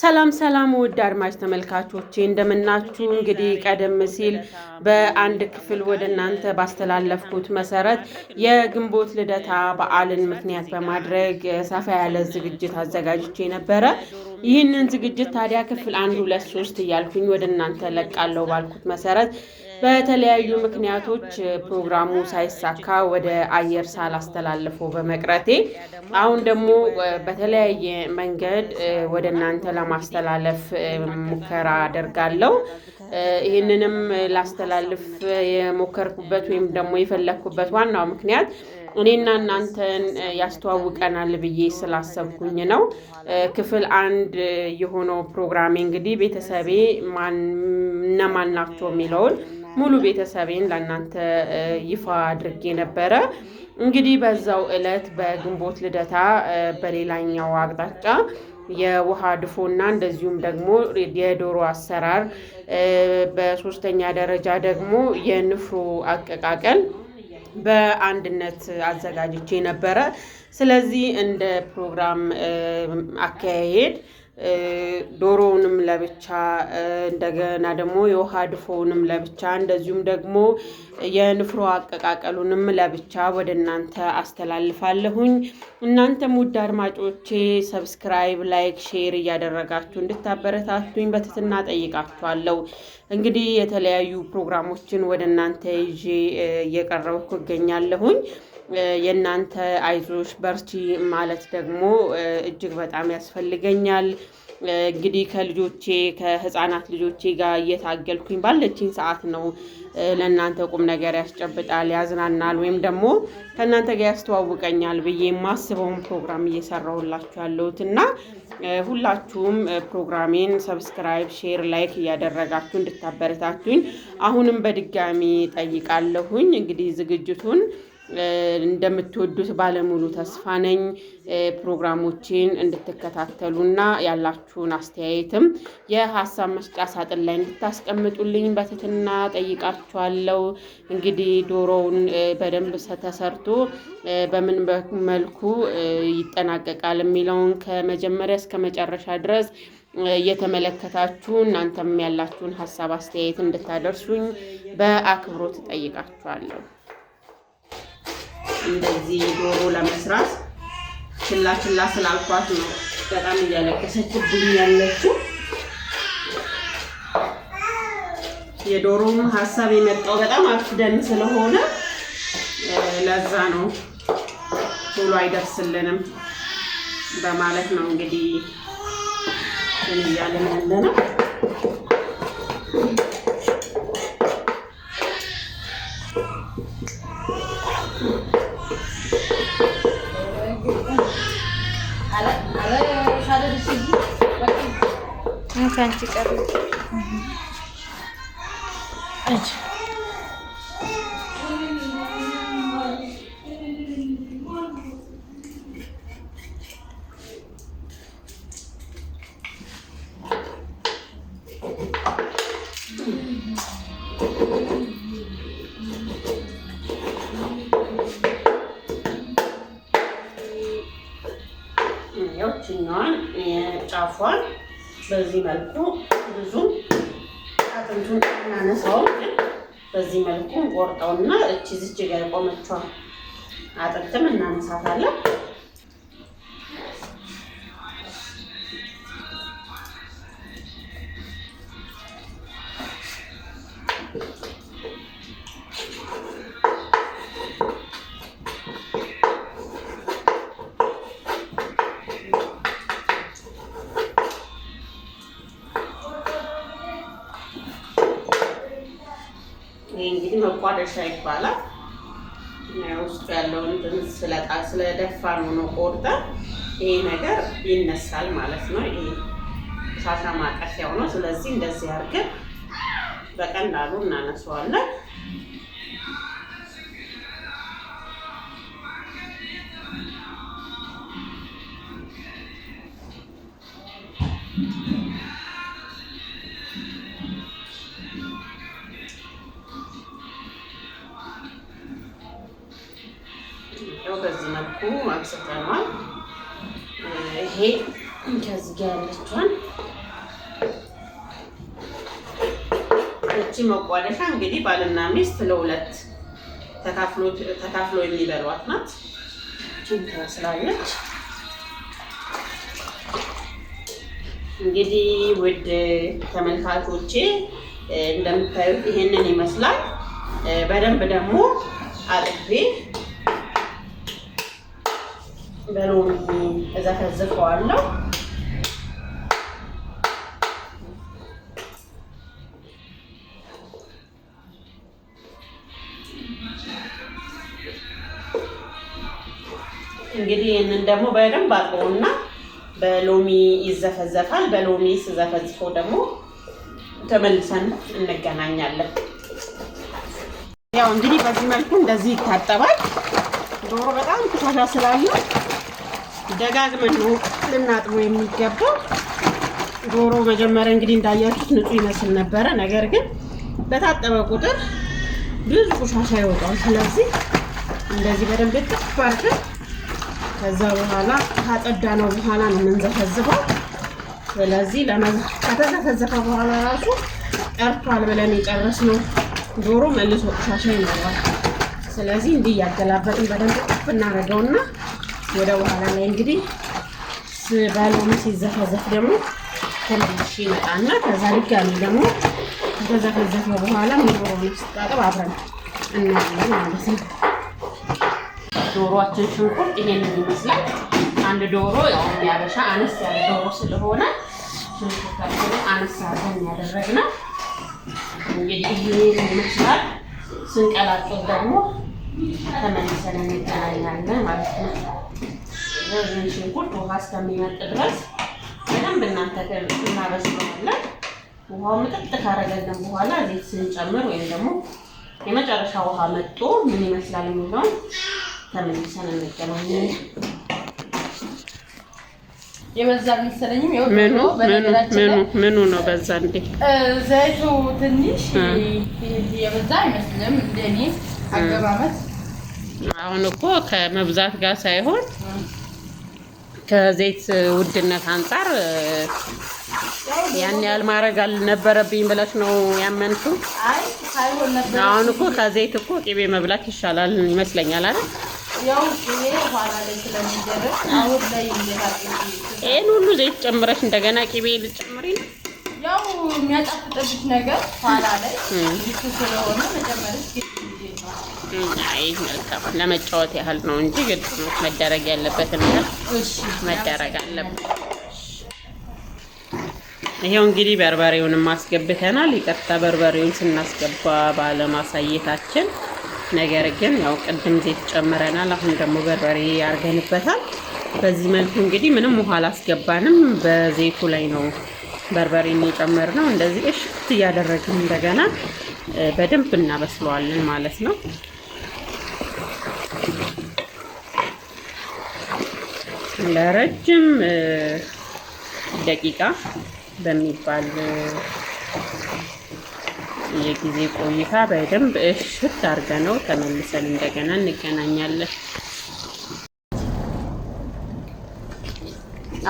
ሰላም ሰላም ውድ አድማጭ ተመልካቾቼ እንደምናችሁ። እንግዲህ ቀደም ሲል በአንድ ክፍል ወደ እናንተ ባስተላለፍኩት መሰረት የግንቦት ልደታ በዓልን ምክንያት በማድረግ ሰፋ ያለ ዝግጅት አዘጋጅቼ ነበረ። ይህንን ዝግጅት ታዲያ ክፍል አንድ፣ ሁለት፣ ሶስት እያልኩኝ ወደ እናንተ ለቃለሁ ባልኩት መሰረት በተለያዩ ምክንያቶች ፕሮግራሙ ሳይሳካ ወደ አየር ሳላስተላልፎ በመቅረቴ አሁን ደግሞ በተለያየ መንገድ ወደ እናንተ ለማስተላለፍ ሙከራ አደርጋለሁ። ይህንንም ላስተላልፍ የሞከርኩበት ወይም ደግሞ የፈለግኩበት ዋናው ምክንያት እኔና እናንተን ያስተዋውቀናል ብዬ ስላሰብኩኝ ነው። ክፍል አንድ የሆነው ፕሮግራሜ እንግዲህ ቤተሰቤ እነማን ናቸው የሚለውን ሙሉ ቤተሰቤን ለእናንተ ይፋ አድርጌ ነበረ። እንግዲህ በዛው ዕለት በግንቦት ልደታ በሌላኛው አቅጣጫ የውሃ ድፎና እንደዚሁም ደግሞ የዶሮ አሰራር፣ በሶስተኛ ደረጃ ደግሞ የንፍሮ አቀቃቀል በአንድነት አዘጋጅቼ ነበረ። ስለዚህ እንደ ፕሮግራም አካሄድ ዶሮውንም ለብቻ እንደገና ደግሞ የውሃ ድፎውንም ለብቻ እንደዚሁም ደግሞ የንፍሮ አቀቃቀሉንም ለብቻ ወደ እናንተ አስተላልፋለሁኝ። እናንተም ውድ አድማጮቼ ሰብስክራይብ፣ ላይክ፣ ሼር እያደረጋችሁ እንድታበረታቱኝ በትትና ጠይቃችኋለሁ። እንግዲህ የተለያዩ ፕሮግራሞችን ወደ እናንተ ይዤ እየቀረብኩ እገኛለሁኝ። የእናንተ አይዞሽ በርቺ ማለት ደግሞ እጅግ በጣም ያስፈልገኛል። እንግዲህ ከልጆቼ ከህፃናት ልጆቼ ጋር እየታገልኩኝ ባለችኝ ሰዓት ነው ለእናንተ ቁም ነገር ያስጨብጣል፣ ያዝናናል፣ ወይም ደግሞ ከእናንተ ጋር ያስተዋውቀኛል ብዬ የማስበውን ፕሮግራም እየሰራሁላችሁ ያለሁት እና ሁላችሁም ፕሮግራሜን ሰብስክራይብ፣ ሼር፣ ላይክ እያደረጋችሁ እንድታበረታቱኝ አሁንም በድጋሚ ጠይቃለሁኝ። እንግዲህ ዝግጅቱን እንደምትወዱት ባለሙሉ ተስፋ ነኝ። ፕሮግራሞችን እንድትከታተሉና ያላችሁን አስተያየትም የሀሳብ መስጫ ሳጥን ላይ እንድታስቀምጡልኝ በትህትና ጠይቃችኋለሁ። እንግዲህ ዶሮውን በደንብ ተሰርቶ በምን መልኩ ይጠናቀቃል የሚለውን ከመጀመሪያ እስከ መጨረሻ ድረስ እየተመለከታችሁ እናንተም ያላችሁን ሀሳብ አስተያየት እንድታደርሱኝ በአክብሮት ጠይቃችኋለሁ። እንደዚህ ዶሮ ለመስራት ችላ ችላ ስላልኳት ነው በጣም እያለቀሰችብኝ ያለችው። የዶሮውም ሀሳብ የመጣው በጣም አፍደን ስለሆነ ለዛ ነው ቶሎ አይደርስልንም በማለት ነው እንግዲህ እያልን ያለ ነው። ከአንቺ ቀር በዚህ መልኩ ብዙ አጥንቱን እናነሳው። በዚህ መልኩ ቆርጠውና እቺ ዝጅ ጋር ቆመቿ አጥንትም እናነሳታለን። መቋደሻ ይባላል። ውስጡ ያለውን ስለጣ ስለደፋ ነው ነው ነገር ይነሳል ማለት ነው። ይሄ ሳሳ ነው። ስለዚህ እንደዚህ አድርገን በቀላሉ እናነሳዋለን። ሰጠነዋል። ይሄ ከዚህ ጋር ያለችዋን እቺ መቋደሻ እንግዲህ ባልና ሚስት ለሁለት ተካፍሎ የሚበሏት ናት። እቺን ትመስላለች። እንግዲህ ውድ ተመልካቾቼ እንደምታዩት ይሄንን ይመስላል። በደንብ ደግሞ አጥቤ በሎሚ እዘፈዝፈዋለሁ። እንግዲህ ይህንን ደግሞ በደንብ አጥበውና በሎሚ ይዘፈዘፋል። በሎሚ ስዘፈዝፈው ደግሞ ተመልሰን እንገናኛለን። ያው እንግዲህ በዚህ መልኩ እንደዚህ ይታጠባል። ዶሮ በጣም ቆሻሻ ስላለው ደጋግመን ነው ልናጥበው የሚገባው። ዶሮ መጀመሪያ እንግዲህ እንዳያችሁት ንጹህ ይመስል ነበረ። ነገር ግን በታጠበ ቁጥር ብዙ ቆሻሻ ይወጣል። ስለዚህ እንደዚህ በደንብ ጥፍ ከዛ በኋላ ካጠዳ ነው በኋላ ነው የምንዘፈዝፈው። ስለዚህ ከተዘፈዘፈ በኋላ ራሱ ቀርቷል ብለን ነው ዶሮ መልሶ ቆሻሻ ይኖራል። ስለዚህ እንዲህ እያገላበጥን በደንብ ጥፍ እናደርገውና ወደ በኋላ ላይ እንግዲህ ባሎሚ ሲዘፈዘፍ ደግሞ ተመልሼ ይመጣና ከዛ ድጋሚ ደግሞ ከተዘፈዘፈ በኋላ ዶሮውን ስታጠብ አብረን እናያለን ማለት ነው። ዶሮዋችን ሽንኩርት ይሄንን ይመስላል። አንድ ዶሮ ያው ያበሻ አነስ ያለ ዶሮ ስለሆነ ሽንኩርታችንን አነስ አድርገን ያደረግነው እንግዲህ ይሄን ይመስላል። ስንቀላቅል ደግሞ ተመልሰን እንገናኛለን ማለት ነው። ረዥም ሽንኩርት ውሃ እስከሚመጥ ድረስ በደንብ እናንተ እናበስለዋለን። ውሃው ምጥጥ ካረገልን በኋላ ዘይት ስንጨምር ወይም ደግሞ የመጨረሻ ውሃ መጦ ምን ይመስላል የሚለውን ተመልሰን እንገናኛለን። የበዛ መሰለኝም ምኑ ምኑ ነው በዛ እንዴ? ዘይቱ ትንሽ የበዛ አይመስልም እንደኔ አገባበት አሁን እኮ ከመብዛት ጋር ሳይሆን ከዘይት ውድነት አንጻር ያን ያህል ማድረግ አልነበረብኝ ብለሽ ነው ያመንሹ? አሁን እኮ ከዘይት እኮ ቅቤ መብላት ይሻላል ይመስለኛል አይደል? ይህን ሁሉ ዘይት ጨምረሽ እንደገና ቅቤ ልጨምሪ ነው ያው የሚያጣፍጥብሽ ነገር ኋላ ላይ ስለሆነ መጨመርሽ አይ መልካም ለመጫወት ያህል ነው እንጂ ግልጽነት መደረግ ያለበት ነገር መደረግ አለበት። ይሄው እንግዲህ በርበሬውንም አስገብተናል። ይቅርታ በርበሬውን ስናስገባ ባለማሳየታችን፣ ነገር ግን ያው ቅድም ዘይት ጨምረናል። አሁን ደግሞ በርበሬ ያርገንበታል። በዚህ መልኩ እንግዲህ ምንም ውሃ አላስገባንም። በዘይቱ ላይ ነው በርበሬን የጨመርነው። እንደዚህ እሽት እያደረግን እንደገና በደንብ እናበስለዋለን ማለት ነው። ለረጅም ደቂቃ በሚባል የጊዜ ቆይታ በደንብ እሽት አድርገ ነው ተመልሰን እንደገና እንገናኛለን።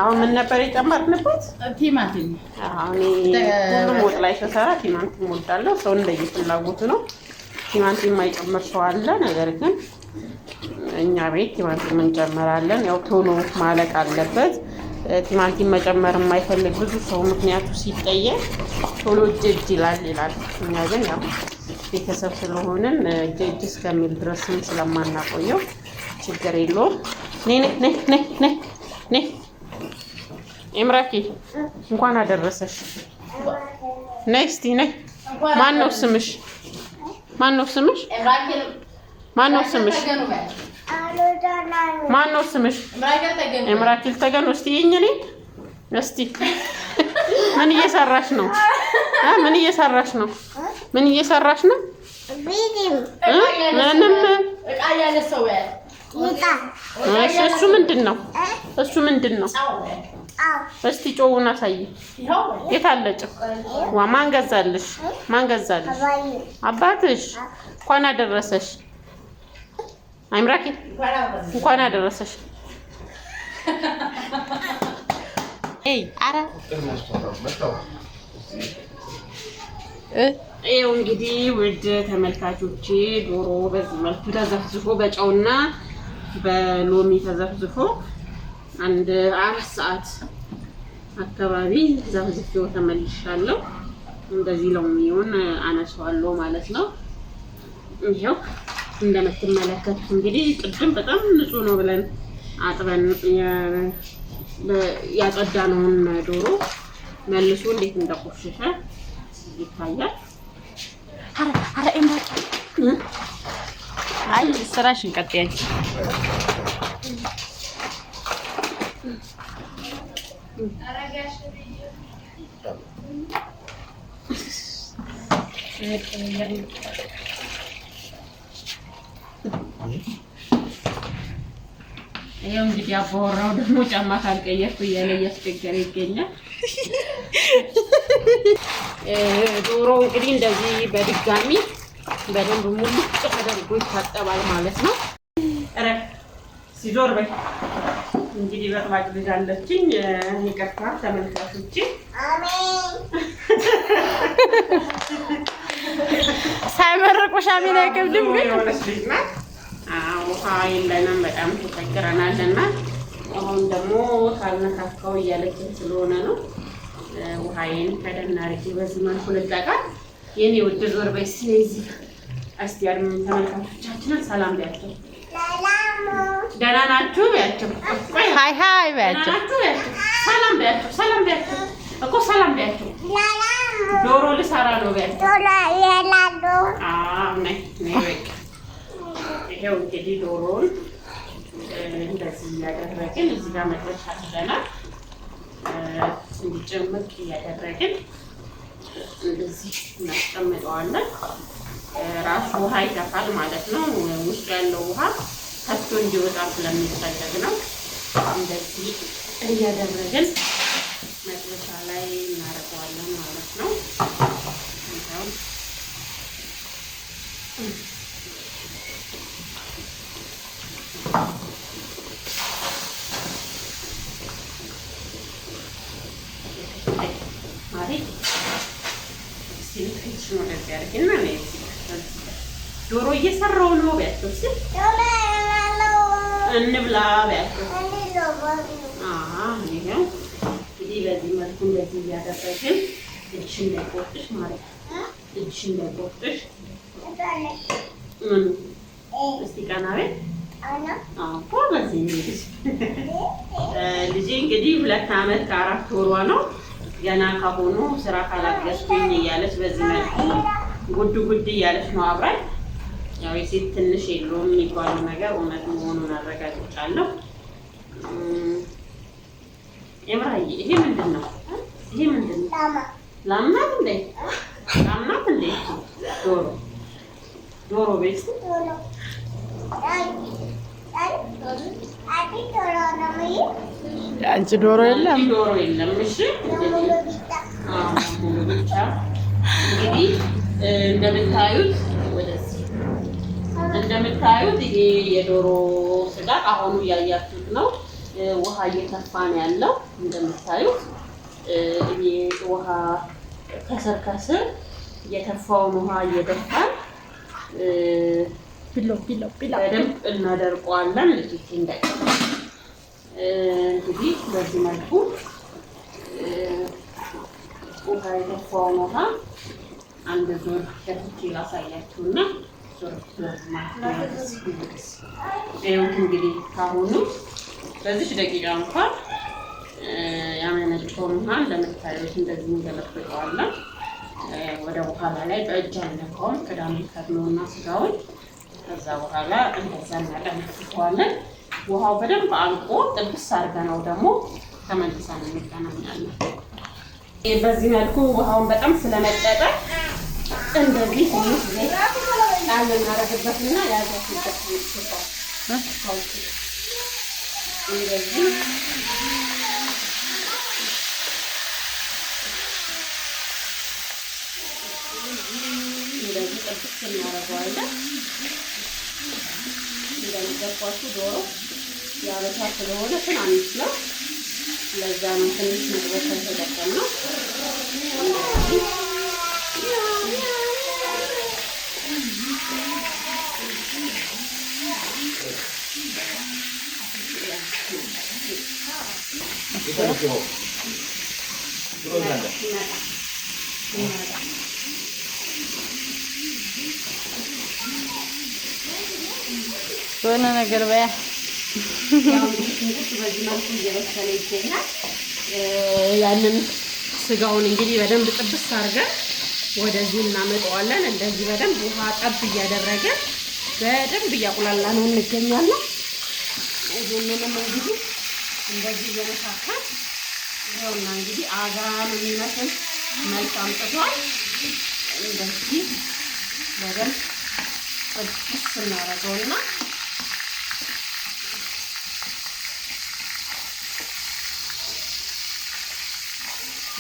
አሁን ምን ነበር የጨመርንበት? ቲማቲም። አሁን ሁሉም ወጥ ላይ ተሰራ ቲማቲም ወዳለው ሰው እንደየፍላጎቱ ነው። ቲማቲም የማይጨምር ሰው አለ፣ ነገር ግን እኛ ቤት ቲማቲም እንጨምራለን። ያው ቶሎ ማለቅ አለበት። ቲማቲም መጨመር የማይፈልግ ብዙ ሰው ምክንያቱ ሲጠየቅ ቶሎ እጅ ይላል ይላል። እኛ ግን ያው ቤተሰብ ስለሆንን ጀጅ እስከሚል ድረስም ስለማናቆየው ችግር የለውም። ኔ ኤምራኪ እንኳን አደረሰሽ። ነይ እስቲ ነይ። ማን ነው ስምሽ? ማን ነው ስምሽ? ማነው ስምሽ? ማነው ስምሽ? እምራኪል ተገኑ። እስቲ ይኝኔ እስቲ ምን እየሰራሽ ነው? ምን እየሰራሽ ነው? ምን እየሰራሽ ነው? ምንም እሱ ምንድን ነው? እሱ ምንድን ነው? እስቲ ጮውን አሳይ። የት አለ ዋ ማን ገዛልሽ? ማን ገዛልሽ? አባትሽ። እንኳን አደረሰሽ። አይምራኪ እንኳን አደረሰሽ። አረ ይኸው እንግዲህ ውድ ተመልካቾቼ ዶሮ በዚህ መልኩ ተዘፍዝፎ በጨውና በሎሚ ተዘፍዝፎ አንድ አራት ሰዓት አካባቢ ዘፍዝፌው ተመልሻለሁ። እንደዚህ ሎሚውን አነሳዋለሁ ማለት ነው። ይኸው እንደምትመለከቱት እንግዲህ ቅድም በጣም ንጹህ ነው ብለን አጥበን ያጸዳነውን ዶሮ መልሶ እንዴት እንደቆሸሸ ይታያል። አይ ስራሽን ይኸው እንግዲህ አባወራው ደግሞ ጫማ ካልቀየርኩ እያለ እያስቸገረ ይገኛል። ዶሮ እንግዲህ እንደዚህ በድጋሚ በደንብ ሙልጭ ተደርጎ ይታጠባል ማለት ነው። ኧረ ሲዞር በይ እንግዲህ በጥባጭ ልጅ አለችኝ። ይቅርታ ተመልካቾቼ። ሳይመረቁሽ አሜን አይከብድም ግን ውሃ የለንም፣ በጣም ተቸግረናል። እና አሁን ደግሞ ካልነካካው እያለችን ስለሆነ ነው። ውሃዬን ከደና አድርጌ በዚህ መልኩ ልጠቃል። የኔ ውድ ዞር በይ። ስለዚህ እስቲ ያሉን ተመልካቾቻችንን ሰላም ቢያቸው፣ ደህና ናችሁ ቢያቸው፣ ሀይ ሀይ ቢያቸው፣ ሰላም ቢያቸው፣ ሰላም ቢያቸው እኮ ሰላም ቢያቸው፣ ዶሮ ልሰራ ነው ቢያቸው። ይሄው እንግዲህ ዶሮውን እንደዚህ እያደረግን እዚህ ጋር መጥበሻ አድርገናል። እንዲጨምቅ እያደረግን እንደዚህ እናስቀምጠዋለን። ራሱ ውሃ ይተፋል ማለት ነው። ውስጡ ያለው ውሃ ከፍቶ እንዲወጣ ስለሚፈለግ ነው። እንደዚህ እያደረግን መጥበሻ ላይ እናደርገዋለን ማለት ነው። ዶሮ እየሰራው ነው በያቸው ስል እንብላ በያቸው። ይኸው እንግዲህ በዚህ መልኩ እንደዚህ እያደረግን እጅሽ እንዳይቆርጥሽ ማለት ነው። እጅሽ እንዳይቆርጥሽ ቀና በይ። በዚህ እንግዲህ ልጄ እንግዲህ ሁለት ዓመት ከአራት ወሯ ነው ገና ከሆኑ ስራ ካላገዝኩኝ እያለች በዚህ መልኩ ጉድ ጉድ እያለች ነው አብራኝ ያው የሴት ትንሽ የለውም የሚባሉ ነገር እውነት መሆኑን አረጋግጫለሁ። ኤምራዬ ይሄ ምንድን ነው? ይሄ ምንድን ነው? ላምናት እንደ ላምናት እንደ ዶሮ ዶሮ ቤት አንቺ ዶሮ የለም ዶሮ የለም። እሺ እንግዲህ እንደምታዩት እንደምታዩት ይሄ የዶሮ ስጋ አሁኑ እያያችሁት ነው። ውሃ እየተፋ ነው ያለው። እንደምታዩት ይሄ ውሃ ከስር ከስር የተፋውን ውሃ እየደፋን በደንብ እናደርቀዋለን። ልጅት እንደ እንግዲህ በዚህ መልኩ ውሃ የተፋውን ውሃ አንድ ዞር ከፍቼ ላሳያችሁና ይኸው እንግዲህ ካሁኑ በዚች ደቂቃ እንኳን ያመነጨውን ውሃ እንደምታዩት እንደዚህ እንገለብጠዋለን። ወደ በኋላ ላይ በእጅ አንነካውም። ቅዳሜ ከድኖና ስጋውን ከዛ በኋላ እንደዛ እናጠነፍቀዋለን። ውሃው በደንብ አልቆ ጥብስ አድርገነው ደግሞ ተመልሰን እንገናኛለን። በዚህ መልኩ ውሃውን በጣም ስለመጠጠ እንደዚህ ትንሽ ጣል እናረግበትና ያዛችበት እንደዚህ እንደዚህ ጥብስ እናረገዋለን። እንደሚገባችሁ ዶሮ ያበሻ ስለሆነ ትናንሽ ነው። ለዛ ነው ትንሽ መጥበሻ ተጠቀም ነው። የሆነ ነገር በያ ያንን ስጋውን እንግዲህ በደንብ ጥብስ አድርገን ወደዚህ እናመጣዋለን። እንደዚህ በደንብ ውሃ ጠብ እያደረገን በደንብ እያቁላላ ነው እንገኛለን። ይህንንም እንግዲህ እንደዚህ እየነካከል ይኸውና እንግዲህ አጋም የሚመስል መልክ አምጥቷል። እንደዚህ በደንብ ጥብስ እናደርገውና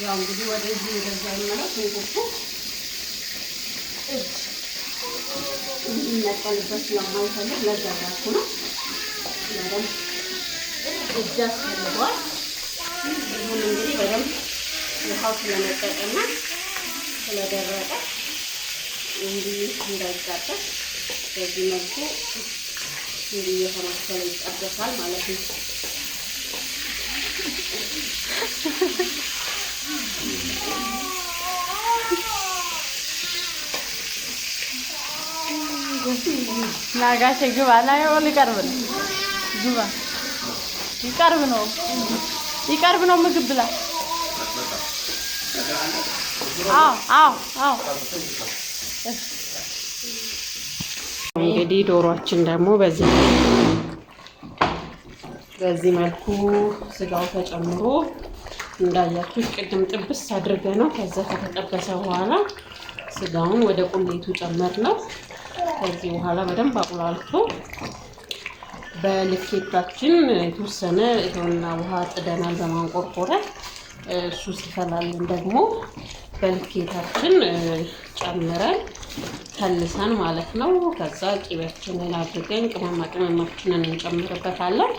ያው እንግዲህ ወደዚህ ወደዛ ይመለስ ሽንኩርቱ እንዲነቀልበት ስለማይፈልግ ለዘራኩ ነው። በደንብ እጅ አስፈልገዋል። ይሁን እንግዲህ በደንብ ውሃው ስለለቀቀና ስለደረቀ እንዲህ እንዳይጣጠፍ በዚህ መልኩ እንዲህ እየተማሰለ ይጣበሳል ማለት ነው። ናጋሽ ግባ ና ሊቀርብ ነው። ግባ ይቀርብ ነው ይቀርብ ነው። ምግብ ብላ። አዎ አዎ አዎ። እንግዲህ ዶሮችን ደግሞ በዚህ በዚህ መልኩ ስጋው ተጨምሮ እንዳያችሁ ቅድም ጥብስ አድርገ ነው ከዛ ከተጠበሰ በኋላ ስጋውን ወደ ቁሌቱ ጨመር ነው። ከዚህ በኋላ በደንብ አቁላልቶ በልኬታችን የተወሰነ ይኸውና ውሃ ጥደናል በማንቆርቆሪያ። እሱ ሲፈላልን ደግሞ በልኬታችን ጨምረን ተልሰን ማለት ነው። ከዛ ቂቤያችንን አድርገን ቅመማ ቅመማችንን እንጨምርበታለን።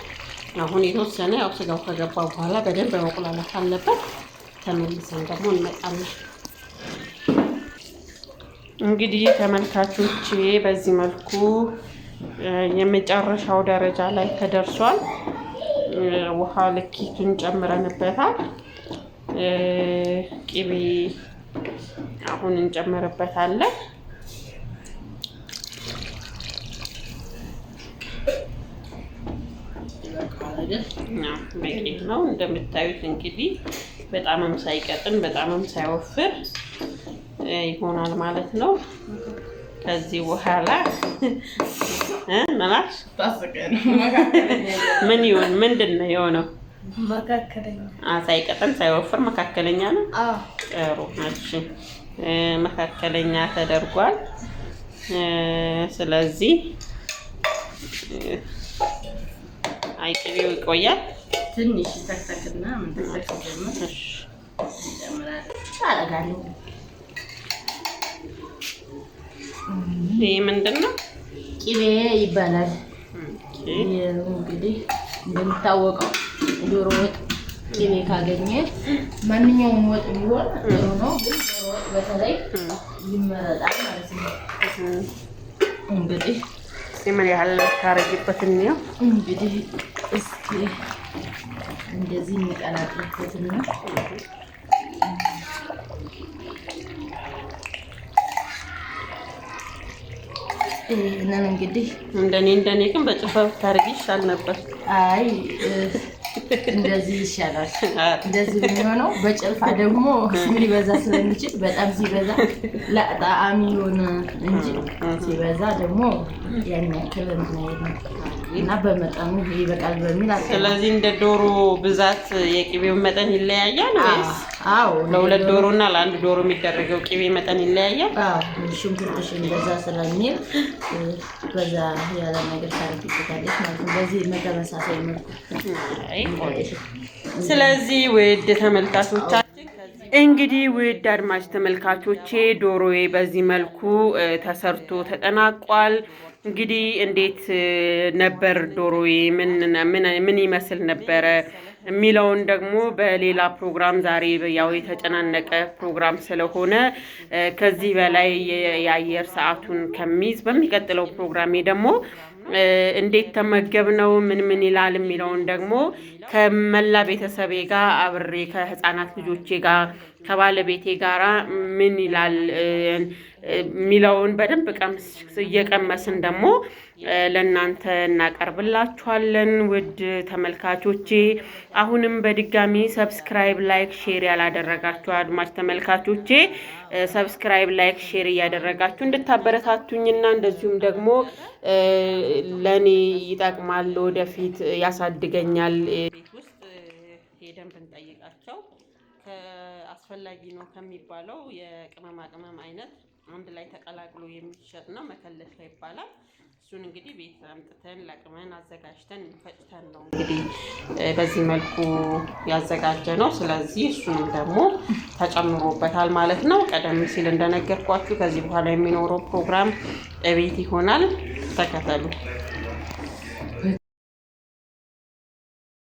አሁን የተወሰነ ያው ስጋው ከገባ በኋላ በደንብ መቁላላት አለበት። ተመልሰን ደግሞ እንመጣለን። እንግዲህ ተመልካቾች በዚህ መልኩ የመጨረሻው ደረጃ ላይ ተደርሷል። ውሃ ልኪቱን ጨምረንበታል። ቅቤ አሁን እንጨምርበታለን። በቂ ነው። እንደምታዩት እንግዲህ በጣምም ሳይቀጥን በጣምም ሳይወፍር ይሆናል ማለት ነው። ከዚህ በኋላ መላሽ ምን ይሁን ምንድን ነው የሆነው? ሳይቀጠን ሳይወፍር መካከለኛ ነው። ጥሩ እሺ፣ መካከለኛ ተደርጓል። ስለዚህ አይቅቤው ይቆያል ትንሽ ይህ ምንድን ነው? ቂቤ ይባላል። እንግዲህ እንደሚታወቀው ዶሮ ወጥ ቅቤ ካገኘ ማንኛውም ወጥ ቢሆን ጥሩ ነው፣ ግን ዶሮ ወጥ በተለይ ይመረጣል ማለት ነው። እንግዲህ ምን ያህል ታረጊበት እንየው። እንግዲህ እስኪ እንደዚህ የሚቀላቅልበትና ይህንን እንግዲህ እንደኔ እንደኔ ግን በጭፋ ብታደርጊ ይሻል ነበር። አይ እንደዚህ ይሻላል። እንደዚህ የሚሆነው በጭልፋ ደግሞ ሊበዛ ስለሚችል በጣም ሲበዛ ለጣዕም ይሆን እንጂ ሲበዛ ደግሞ ያን ያክል እና በመጠኑ ይበቃል በሚል ስለዚህ እንደ ዶሮ ብዛት የቅቤውን መጠን ይለያያል ወይስ አዎ ለሁለት ዶሮ እና ለአንድ ዶሮ የሚደረገው ቅቤ መጠን ይለያያል። ሽንኩርትሽ በዛ ስለሚል በዛ ያለ ነገር ታረግበታለች ማለት ነው። በዚህ በተመሳሳይ መልኩ ስለዚህ ውድ ተመልካቾቻችን እንግዲህ ውድ አድማጭ ተመልካቾቼ ዶሮዬ በዚህ መልኩ ተሰርቶ ተጠናቋል። እንግዲህ እንዴት ነበር ዶሮዬ፣ ምን ይመስል ነበረ የሚለውን ደግሞ በሌላ ፕሮግራም ዛሬ ያው የተጨናነቀ ፕሮግራም ስለሆነ ከዚህ በላይ የአየር ሰዓቱን ከሚይዝ በሚቀጥለው ፕሮግራሜ ደግሞ እንዴት ተመገብ ነው ምን ምን ይላል የሚለውን ደግሞ ከመላ ቤተሰቤ ጋር አብሬ ከህፃናት ልጆቼ ጋር ከባለቤቴ ጋራ ምን ይላል የሚለውን በደንብ ቀምስ እየቀመስን ደግሞ ለእናንተ እናቀርብላችኋለን። ውድ ተመልካቾቼ አሁንም በድጋሚ ሰብስክራይብ፣ ላይክ፣ ሼር ያላደረጋችሁ አድማጭ ተመልካቾቼ ሰብስክራይብ፣ ላይክ፣ ሼር እያደረጋችሁ እንድታበረታቱኝና እንደዚሁም ደግሞ ለእኔ ይጠቅማል፣ ወደፊት ያሳድገኛል ቤት ውስጥ ሄደን ብንጠይቃቸው አስፈላጊ ነው ከሚባለው የቅመማ ቅመም አይነት አንድ ላይ ተቀላቅሎ የሚሸጥ ነው። መከለሻ ይባላል። እሱን እንግዲህ ቤት አምጥተን ለቅመን አዘጋጅተን ፈጭተን ነው እንግዲህ በዚህ መልኩ ያዘጋጀ ነው። ስለዚህ እሱንም ደግሞ ተጨምሮበታል ማለት ነው። ቀደም ሲል እንደነገርኳችሁ ከዚህ በኋላ የሚኖረው ፕሮግራም ቤት ይሆናል። ተከተሉ።